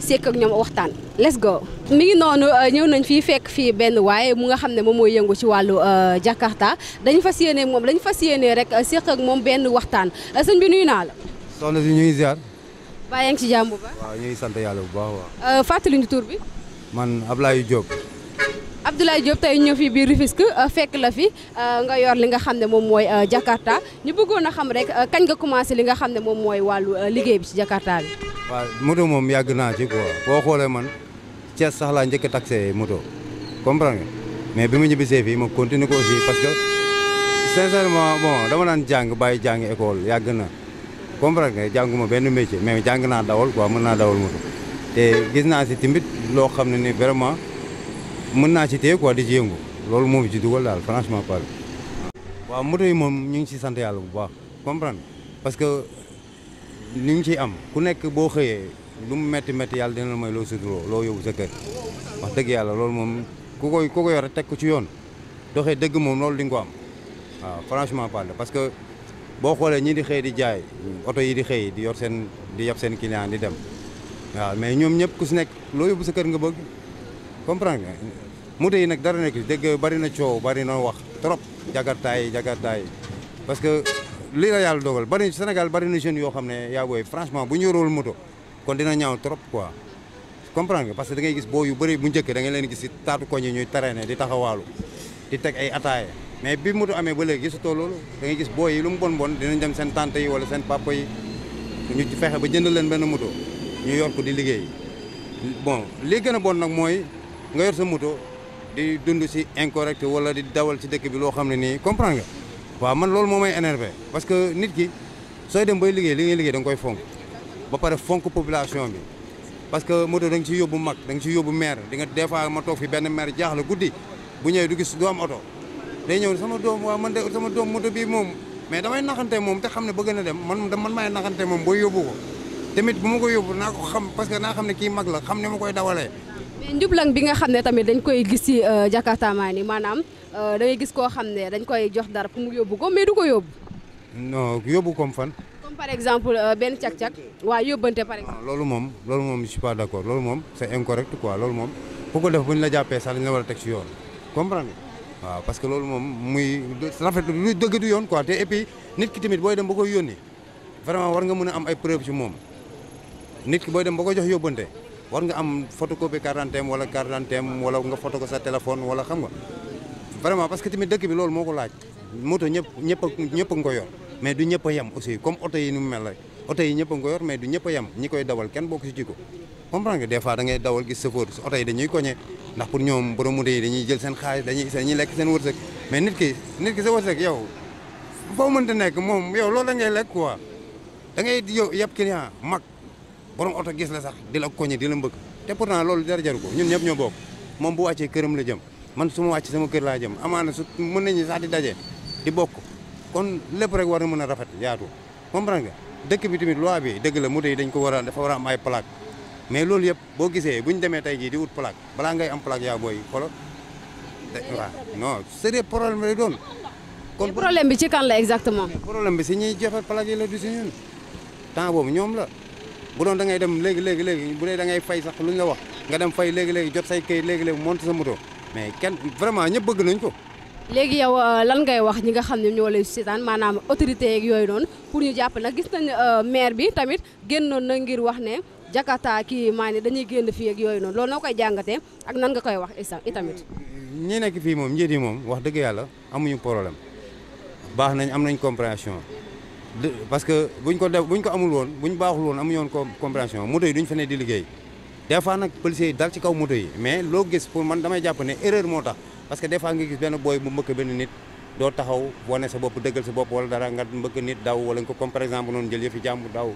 seek ak ñoom waxtaan let's go. mi ngi noonu euh, ñëw nañ fii fekk fii benn waaye mu nga xam ne moom mooy yëngu ci wàllu euh, Jakarta dañu fas yéene moom dañu fas yéene rek euh, seek ak moom benn waxtaan sëñ bi nuyu naa la. soxna si ñuy ngi ziar. baa yaa ngi ci jàmm bu baax. waaw ñu ngi bu baax waaw. tur bi. man Ablaye Diop. Abdoulaye Diop tey ñëw fii biir Rufisque fekk la fi nga yor li nga xam ne moom mooy Jakarta ñu bëggoon a xam rek kañ nga commencé li nga xam ne moom mooy wàllu liggéey bi ci Jakarta bi. waaw moto moom yàgg naa ci quoi boo xoolee man Thiès sax laa njëkk a taxé moto comprendre nga mais bi mu ñibbisee fii ma continuer ko aussi parce que sincèrement bon dama daan jàng bàyyi jàng école yàgg na comprendre nga ma benn métier mais jàng naa dawal quoi mën naa dawal moto te gis naa si tamit loo xam ne ni vraiment mën naa ci téye quoi di ci yëngu loolu moom ji dugal daal franchement parle waaw moto moom ñu ngi ci sant yàlla bu baax comprendre parce que li ci ciy am ku nekk boo xëyee lu mu metti métti yàlla dina la may loo suturoo loo yóbbu sa kër wax dëgg yàlla loolu moom ku koy ku ko yore teg ko ci yoon doxee dëgg moom loolu di nga ko am waaw franchement parle parce que boo xoolee ñi di xëy di jaay oto yi di xëy di yor seen di yab seen client di dem waaw mais ñoom ñëpp ku si nekk loo yóbbu sa kër nga bëgg comprendre nga moto yi nag dara nekk dégg bari na coow bari na wax trop jagartaay jagartaay parce que li la yalla dogal bari senegal bari na jeune yo xamne ne boy franchement bu ñu yorul moto kon dina ñaaw trop quoi comprendre nga parce que da ngay gis boy, yu bari bu ñëk da ngay leen gis ci tatu koñ ñuy traîner di taxawalu di tek ay ataaye mais bi moto amé ba légui lolu da ngay gis boy, yi lu mu bon bon dina dem sen tante yi wala sen papa yi ñu fexé ba jënd leen ben moto ñu yor ko di liggéey bon li gëna bon nak moy nga yor sa moto di dund si incorrect wala di dawal ci dëkk bi lo xamni ni comprendre nga waaw man loolu moom may énervé parce que nit ki sooy dem bay liggéey li ngay liggéey da nga koy fonk ba pare fonk population bi parce que moto da nga ciy yóbbu mag da nga ciy yóbbu maire di nga des fois ma toog fi benn meer jaaxle guddi bu ñëwee du gis du am oto day ñëw sama doom waaw man de sama doom moto bii moom mais damay naxante moom te xam ne bëgg na dem man man maay naxante moom booy yóbbu ko tamit bu ma ko yóbbu naa ko xam parce que naa xam ne kii mag la xam ne ma koy dawalee njublang bi nga xamne tamit dañ koy gis ci euh, jakarta ni manam euh, da ngay gis ko xamne dañ koy jox dar pour mu yóbbu ko mais du ko yóbbu non yóbbu comme fan comme par exemple euh, ben tiak tiak wa yobante par exemple lolu mom lolu mom je suis pas d'accord lolu mom c'est incorrect quoi lolu mom ku ko def buñ la jappé sax dañ la wara tek ci yoon comprendre wa parce que lolu mom muy rafet lu deug du yoon quoi te et puis nit ki timit boy dem ba yoni yónni vraiment war nga mëna a am ay preuve ci mom nit ki boy dem ba koy jox yobante war nga am photocopie carte d'identité wala carte d'identité wala nga photo ko sa téléphone wala xam nga vraiment parce que tamit dëkk bi loolu moo ko laaj moto ñëpp ñëpp ñëpp nga ko yor mais du ñëpp a yem aussi comme oto mu mel rek oto ñëpp a nga yor mais ñëpp a yem ñi dawal kenn bokk ci jikko comprendre nga des dawal gis chauffeur oto yi dañuy koñe ndax pour ñoom borom moto yi dañuy jël seen xaalis dañuy dañuy lekk seen wërsëg mais nit ki nit ki sa wërsëg yow foo mënta nekk moom yow loolu da ngay lekk quoi da ngay yow yëpp client mag borom oto gis la sax di la koñe di la mbëkk te pourtant loolu dara jaru ko ñun ñëpp ñoo bokk moom bu wàccee këram la jëm man su ma wàcc sama kër laa jëm amaana su mën nañu sax di daje di bokk kon lépp rek war na mën a rafet yaatu comprendre nga dëkk bi tamit loi bi dëgg la moto yi dañ ko war a dafa war a am ay plaque mais loolu yëpp boo gisee bu demee tey jii di wut plaque balaa ngay am plaque yaa booy xolo waaw non c'est problème lay doon kon problème bi ci kan la exactement problème bi si ñuy joxe plaque yi la du si ñun temps boobu la bu doon da ngay dem léegi léegi léegi bu dee dangay fay sax lu ñu la wax nga dem fay léegi léegi jot say kayit léegi léegi monte sa moto mais kenn vraiment ñëpp bëgg nañ ko. léegi yow euh, lan ngay wax ñi nga xam ne ñoo lay seetaan maanaam autorité yeeg yooyu noonu pour ñu jàpp nag gis nañ euh, maire bi tamit génnoon na ngir wax ne Jakarta ki maa ne dañuy génn fii ak yooyu noonu loolu noo koy jàngatee ak nan nga koy wax itamit. ñi nekk fii moom njiit yi moom wax dëgg yàlla amuñu problème baax nañ am nañ compréhension parce que buñ ko def buñ ko amul woon buñ baaxul woon amuñu woon compréhension duñ fa ne di liggéey nag policiers yi dal ci kaw moto yi loo gis pour man damay jàpp ne erreur moo tax parce que des nga gis benn booy bu mbëkk benn nit doo taxaw wane sa bopp dëggal sa bopp wala dara nga mbëkk nit daw wala nga ko par exemple noonu jël yëfi jàmbur daw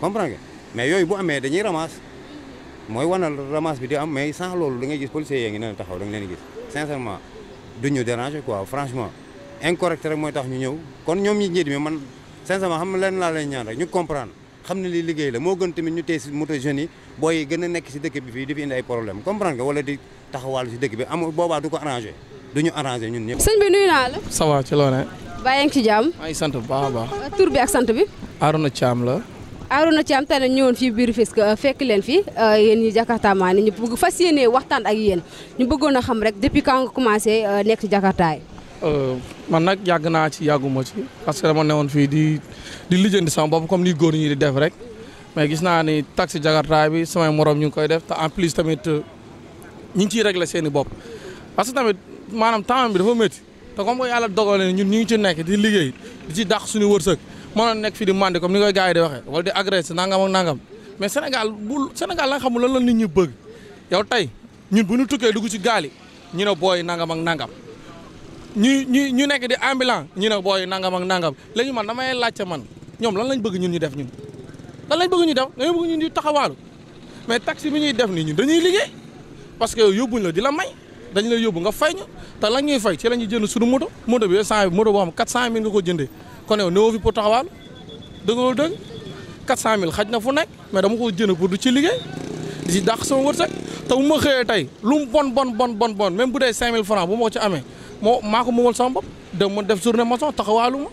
comprends nga yooyu bu amee dañuy ramasse mooy wanal ramasse bi di am mais sans loolu da gis policiers sincèrement xam leen laa leen ñaan rek ñu comprendre xam ne lii liggéey la moo gën tamit ñu tey si moto jeunes yi booy yi gën a nekk si dëkk bi fii di fi indi ay problème comprendre nga wala di taxawal si bi amul boobaa du ko ñu arrangé ñun ñëpp. sëñ bi nuyu naa la. ça va ci loonee. baa yaa ngi ci jàmm. maa ngi sant bu baax a baax. tur bi ak sant bi. Arouna Thiam la. Arouna Thiam tane ñëwoon fii biir Rufisque euh, fekk leen fi euh, yéen ñi Jakarta maa ni ñu bëgg fas yéenee waxtaan ak yéen ñu bëggoon a xam rek depuis quand nga euh, nekk ci Jakarta Euh, man nag yàgg naa ci yàgguma ci parce que dama newoon fii di di lijjanti sama bopp comme ni góor ñi di def rek mais gis naa ni taxi jakartaay bi samay morom ñu ngi koy def te en plus tamit euh, ñu ngi ciy régler seen i bopp. parce que tamit maanaam temps bi dafa métti te comme que yàlla dogalee ñun ñu ngi ci nekk di liggéey di ci dàq suñu wërsëg mënoon nekk fii di mandi comme ni koy gars yi di waxee wala di agressé nangam ak nangam mais Sénégal bu Sénégal la nga xamul lan la nit ñi bëgg yow tey ñun bu ñu tukkee dugg ci gaal yi ñu ne booy nangam ak nangam. ñu ñu ñu nekk di ambulant ñu ne booy nangam ak nangam léegi man damay laajte man ñoom lan lañ bëgg ñun ñu def ñun lan lañ bëgg ñu def dañoo bëgg ñun ñu taxawaalu mais taxi bi ñuy def nii ñun dañuy liggéey parce que yóbbuñ la di la may dañ la yóbbu nga fay ñu te lan ñuy fay ci la ñuy jënd suñu moto moto bi cent moto boo xam quatre cent mille nga ko jëndee kon yow néew fi pour taxawaalu dëgg loolu dëgg quatre cent mille xaj na fu nekk mais dama ko jënd pour du ci liggéey di ci dàq sama wërsëg te bu ma xëyee tey lu mu bon bon bon bon bon même bu dee cinq mille francs bu ma ko ci amee mo mako ko sama sama de mo def journée maçon taxawaalu ma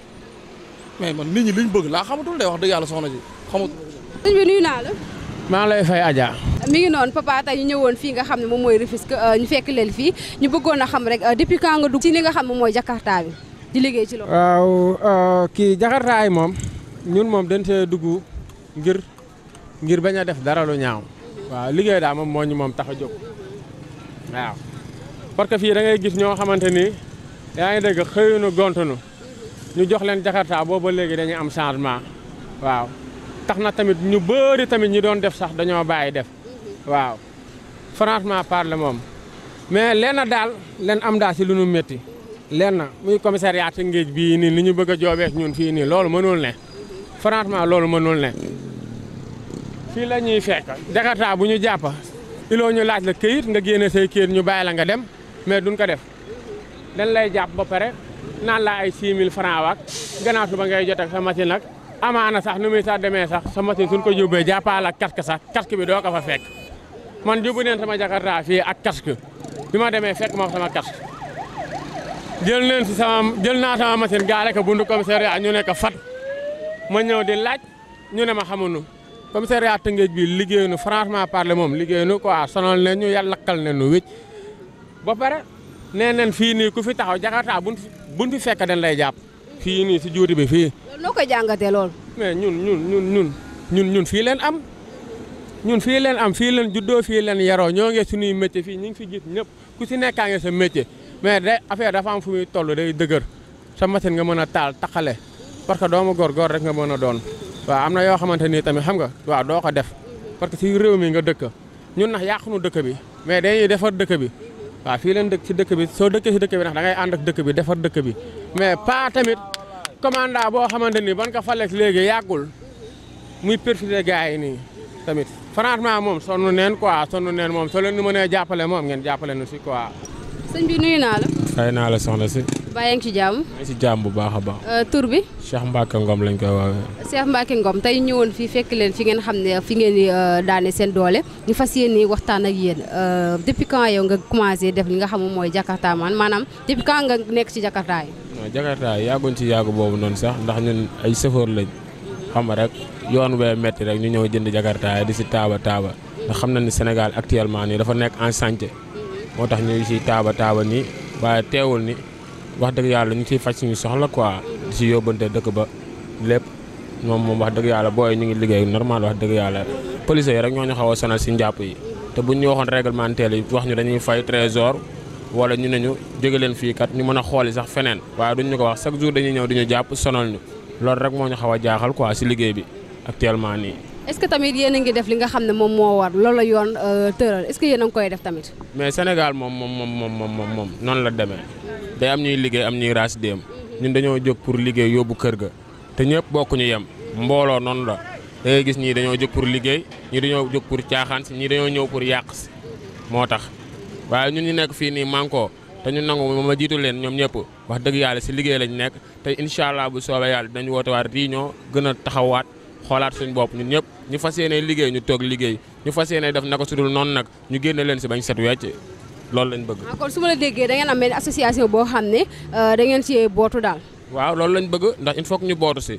mais man nit ñi liñ bëgg la xamatul de wax dëgg yalla soxna ji xamatu sëñ bi nuyu na la. ma lay fay aja mi ngi non papa tay ñu ñëwoon fi nga xamne ne moy mooy euh, ñu fekk leen fi ñu bëggoon na xam rek euh, depuis quand nga dugg ci li nga xam ne mooy Jakarta bi di liggéey ci loolu. waaw euh, ki Jakarta ay mom ñun mom dañ see dugg ngir ngir baña def dara lu ñaaw waaw liggéey da mom moñu mom moom tax waaw parce que fii da ngay gis ño xamanteni ni ngay deg xeyunu xëyunu gontunu ñu jox len jakarta ba legi dañuy am changement waaw taxna tamit ñu beuri tamit ñi doon def sax dañoo baye def waaw franchement parle mom mais lena dal len am da ci lu ñu metti lena muy commissariat ngeej bi ni li ñu bëgg jobé ñun fi ni loolu mënul ne franchement loolu mënul ne fi lañuy fekk jakarta bu ñu jàpp iloo ñu laaj la keuyit nga gene sey keer ñu bàyyi la nga dem mais duñ ko def dañ lay jàpp ba pare naan laa ay 6000 francs waak gannaaw su ba ngay jot ak sa machine nag amaana sax nu muy sax demee sax sa machine suñ ko yóbbee jàppaal ak casque sax casque bi doo ko fa fekk man yóbbu neen sama jakarta fii ak casque bi ma demee fekk ma sama casque jël neen si sama jël naa sama machine gaare ko bundu commissariat ñu ne ko fat ma ñëw di laaj ñu ne ma xamuñu commissariat Tëngéej bi liggéey franchement parler moom liggéeyuñu quoi sonal ne ñu yàlla lakkal ne nu wécc ba pare nee nañ fii nii ku fi taxaw jakarta buñ buñ fi fekk dañ lay jàpp fii nii si juuti bi fii. noo koy jàngatee lool. mais ñun ñun ñun ñun ñun fii leen am ñun fii leen am fii leen juddoo fii leen yaroo ñoo ngi suñuy métier fii ñu ngi fi gis ñëpp ku si nekkaa ngi sa métier mais day affaire dafa am fu muy toll day dëgër sa machine nga mën a taal taxale parce que doomu góor góor rek nga mën a doon waaw am na yoo xamante nii tamit xam nga waaw doo ko def parce que si réew mii nga dëkk ñun nax yàqunu dëkk bi mais dañuy defar dëkk bi waaw fii leen dëkk ci dëkk bi soo dëkkee ci dëkk bi ndax da ngay ànd ak dëkk bi defar dëkk bi mais pas tamit commandant boo xamante ni ban ko faleek léegi yàggul muy perfiler gars yi nii tamit franchement moom sonn neen quoi sonn neen moom soo leen nu mënee jàppale moom ngeen jàppale nu si quoi. sëñ bi nuyu naa fay naa la soxna si. bàyyi ngi ci jàmm. maa ngi si jàmm bu baax a baax. Euh, tur bi. Cheikh Mbacke Ngom lañ koy woowee. Cheikh Mbacke Ngom tey ñëwoon fii fekk leen fi ngeen xam ne fi ngeen di euh, daane seen doole ñu fas yéene waxtaan ak yéen euh, depuis quand yow nga commencé def li nga xam mooy Jakarta man maanaam depuis quand nga nekk ci Jakarta yi. non Jakarta yàgguñ ci yàggu boobu noonu sax ndax ñun ay chauffeur lañ xam nga rek yoon wee metti rek ñu ñëw jënd Jakarta di si taaba taaba ndax xam na ni Sénégal actuellement nii dafa nekk en chantier mm-hmm. moo tax ñu waaye teewul ni wax dëgg yàlla ñu ciy faj ñu soxla quoi di si yóbbante dëkk ba lépp moom moom wax dëgg yàlla booy ñu ngi liggéey normal wax dëgg yàlla police yi rek ñoo ñu xaw a sonal si njàpp yi te buñ ñu waxoon réglementaire yi wax ñu dañuy fay trésor wala ñu ne ñu jóge leen fii kat ñu mën a xooli sax feneen waaye duñ ñu ko wax chaque jour dañuy ñëw di jàpp sonal ñu loolu rek moo ñu xaw a jaaxal quoi si liggéey bi actuellement nii est-ce que tamit yéen a ngi def li nga xam ne moom moo war loolu la yoon euh, tëral est-ce koy def tamit. mais Sénégal moom moom moom moom moom noonu la demee day am ñuy liggéey am ñuy raas ñun dañoo jóg pour liggéey yóbbu kër ga te ñëpp bokk ñu yem mbooloo noonu la da gis ñii dañoo jóg pour liggéey ñii dañoo jóg pour caaxaan si ñii dañoo ñëw pour yàq si moo tax waaye ñun ñu nekk fii nii mànkoo te ñu nangu ma jiitu leen ñoom ñëpp wax dëgg yàlla si liggéey lañ nekk incha allah bu soobee yàlla dinañ woote waat gën a taxawaat xolaat suñ bop ñun ñep ñu fas liggey ñu tok liggey ñu fas def nako sudul non nak ñu génne leen ci bañ set wecc loolu lañ bëgg. Ah, kon suma la déggé da ngeen am mel association bo xamné euh da ngeen ci botu dal waaw loolu lañ bëgg ndax il faut ñu botu ci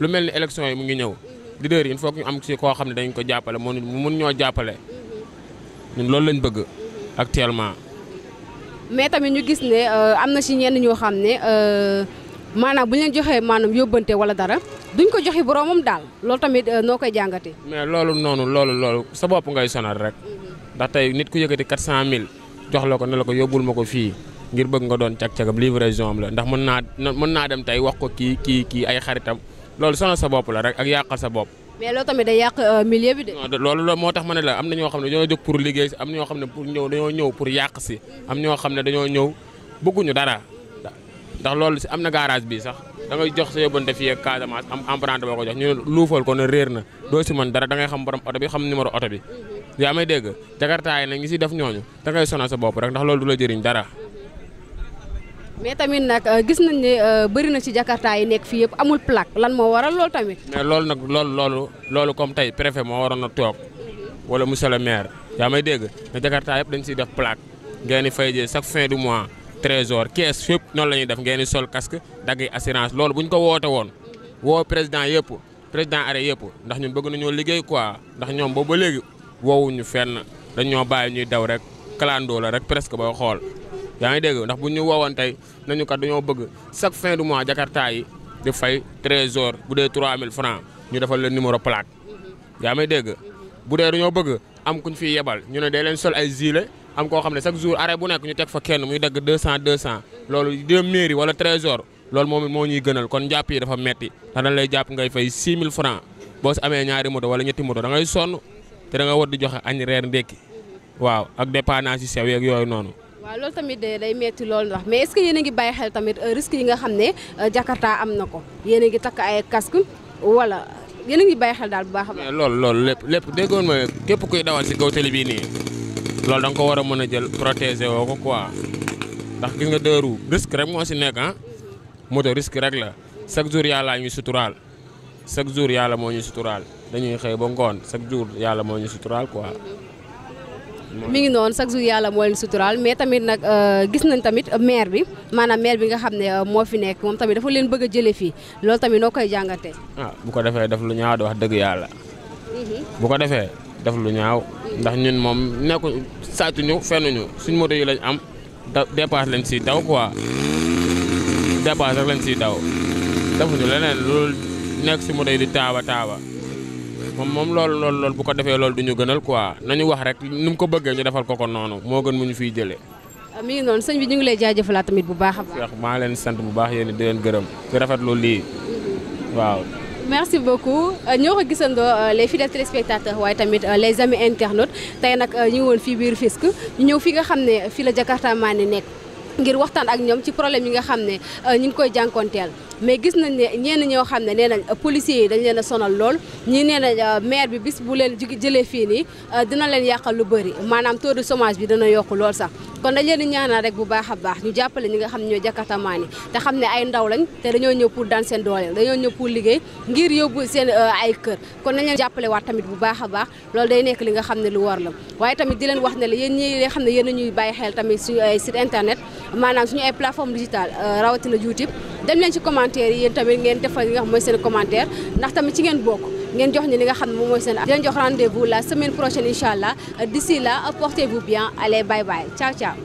lu melni élection yi mu ngi ñëw mhm. leader yi il faut ñu am ci ko xamné dañ ko jappalé jàppale mu mun ñoo jappalé mhm. ñun loolu lañ bëgg mhm. actuellement. mais tamit ñu gis né euh, amna ci si ñenn ñoo xamné euh manam bu ñu leen joxee maanaam yóbbante wala dara duñ ko joxi boroomam daal loolu tamit euh, noo koy jàngatee. mais loolu noonu loolu loolu sa bopp ngay sonal rek mm-hmm. ndax tey nit ku yëkkati mille jox la ko ne la ko yóbbul ma ko fii ngir bëgg nga doon cag-cagab livraison am la ndax mën naa mën naa dem tey wax ko kii kii kii ay xaritam loolu sonal sa bopp la rek ak yàqal sa bopp. mais loolu tamit yàq euh, milieu bi loolu moo tax ma ne la am na ñoo xam ne dañoo jóg pour liggéey si am na ñoo xam ne pour ñëw dañoo ñëw pour yàq si mm-hmm. am ñoo xam ne dañoo ñëw bëgguñu dara mm-hmm. ndax loolu si am na garage bi sax. da ngay jox sa yobante fi ak Casamance am emprunté bako jox ñu luufal ko ne reer na do ci man dara da ngay xam borom auto bi xam numéro auto bi ya may dégg jakarta ay na ngi ci def ñooñu da ngay sonal sa bop rek ndax loolu dula jëriñ dara mais tamit nak euh, gis nañ ni euh, bari na ci jakarta ay nek fi yëpp amul plaque lan mo waral loolu tamit mais loolu nak loolu loolu loolu comme tay préfet mo waroon a toog wala monsieur le maire ya may dégg ne jakartaa yëpp dañ ci def plaque ngeen di fay jé chaque fin du mois trésor kees fépp noonu la ñuy def ngeen di sol casque dagg assurance loolu bu ñu ko woote woon woo président yëpp président are yëpp ndax ñun bëgg nañoo liggéey quoi ndax ñoom boobu ba léegi woowuñu fenn dañoo bàyyi ñuy daw rek kalandoo la rek presque boo xool. yaa ngi dégg ndax bu ñu woowoon tey nañu kat dañoo bëgg chaque fin du mois jakarta yi di fay trésor bu dee 3000 francs ñu defal leen numéro plaque yaa may dégg bu dee dañoo bëgg am kuñ fi yebal ñu ne day leen sol am koo xam ne chaque jour arrêt bu nekk ñu teg fa kenn muy dagg 200 200 loolu deux mairie wala trésor loolu moom moo ñuy gënal kon jàpp yi dafa metti ndax dañ lay jàpp ngay fay amee ñaari moto wala ñetti moto da ngay sonn te da nga war di joxe añ reer ndékki waaw ak dépannage yeeg yooyu noonu. waaw loolu tamit day metti loolu ndax mais est-ce ngi bàyyi xel tamit euh, risque yi nga xam ne euh, Jakarta am na ko yéen a ngi takk ay casque wala yéen a ngi bàyyi xel daal bu baax a lool loolu lépp lépp déggoon ma képp kuy dawal si kaw télé bii nii. loolu da ko war a mën a jël protéger woo ko quoi ndax gis nga deux roues risque rek moo si nekk ah moto risque rek la chaque jour yàlla ñu suturaal chaque jour yàlla moo ñu suturaal dañuy xëy ba ngoon chaque jour yàlla moo ñu suturaal quoi. mi ngi noonu chaque jour yàlla moo leen suturaal mais tamit nag euh, gis nañ tamit maire bi maanaam maire bi nga xam ne euh, moo fi nekk moom tamit dafa leen bëgg a jëlee fii loolu tamit noo koy jàngatee. Ah, bu ko defee daf lu ñaaw di wax dëgg yàlla. Mhm. bu ko defee. def lu ñaaw ndax ñun moom nekku sàccuñu fennuñu suñ moto yi lañ am da dépasse lañ siy daw quoi dépasse rek lañ siy daw defuñu leneen loolu nekk si moto yi di taaba taaba moom moom loolu loolu loolu bu ko defee loolu du ñu gënal quoi nañu wax rek ni mu ko bëggee ñu defal ko ko noonu moo gën mu ñu fiy jëlee. Ah, mi ngi noonu sëñ bi ñu ngi lay jaajëfalaat tamit bu baax a baax. maa leen sant bu baax yéen di leen gërëm di rafetlu lii mm-hmm. waaw. merci beaucoup euh, ñoo ko euh, les fidèles téléspectateurs waaye tamit euh, les amis internautes tay nak ñu ngi woon biir Fisk ñu fi nga xamné fi la Jakarta Mane nek ngir waxtaan ak ñoom ci problème yi nga xam ne euh, ñu ngi koy jànkonteel mais gis nañ ne ñenn ñoo xam ne nee nañ euh, policiers yi dañ leen a sonal lool ñii nee nañ euh, bi bis bu leen jëlee fii nii dina leen yàqal lu bëri maanaam taux de chômage bi dana yokku lool sax kon dañ leen di ñaanal rek bu baax baax ñu jàppale ñi nga xam ne ñoo jakkatamaan te xam ne ay ndaw lañ te dañoo ñëw pour daan seen dañoo ñëw pour liggéey ngir yóbbu seen ay kër kon nañ leen tamit bu baax baax loolu day nekk li nga xam ne lu war la waaye tamit di leen wax ne la yéen ñi ne yéen ñuy bàyyi xel tamit su site internet manam suñu ay plateforme digital euh, rawati na YouTube dem len ci commentaire yeen tamit ngeen defal nga moy sen commentaire ndax tamit ci ngeen bok ngeen jox ni li nga xamne moy sen mooy jox rendez-vous la semaine prochaine inshallah d'ici là portez-vous bien allez bye bye ciao ciao